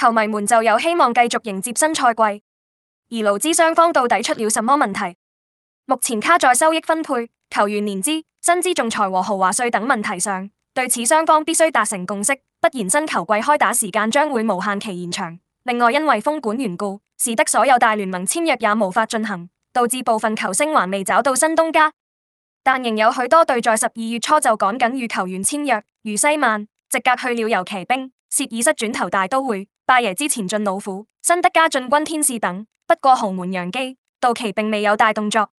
球迷們就有希望繼續迎接新賽季，而勞資雙方到底出了什麼問題？目前卡在收益分配、球員年資、薪資仲裁和豪華稅等問題上，對此雙方必須達成共識，不然新球季開打時間將會無限期延長。另外，因為封館緣故，使得所有大聯盟簽約也無法進行，導致部分球星還未找到新東家，但仍有許多隊在十二月初就趕緊與球員簽約，如西曼直格去了遊騎兵，切爾西轉頭大都會。拜耶之前進老虎、新德加進軍天使等，不過豪門揚基、道奇並未有大動作。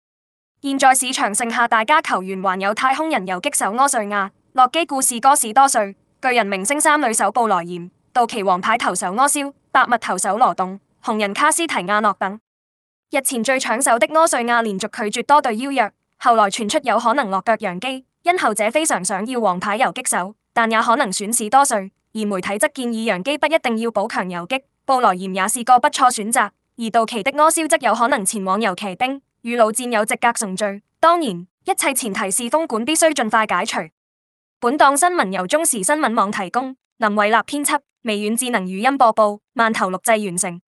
現在市場剩下大家球員，還有太空人游擊手柯瑞亞、洛基故事哥士多瑞、巨人明星三壘手布萊賢、道奇王牌投手柯肖、白襪投手羅棟、紅人卡斯提亞諾等。日前最搶手的柯瑞亞連續拒絕多隊邀約，後來傳出有可能落腳揚基，因後者非常想要王牌游擊手。但也可能選士多歲，而媒體則建議楊基不一定要補強游擊，布萊延也是個不錯選擇，而道奇的柯肖則有可能前往遊騎兵，與老戰友直隔重聚。當然，一切前提是封館必須盡快解除。本檔新聞由中時新聞網提供，林偉立編輯，微軟智能語音播報，饅頭錄製完成。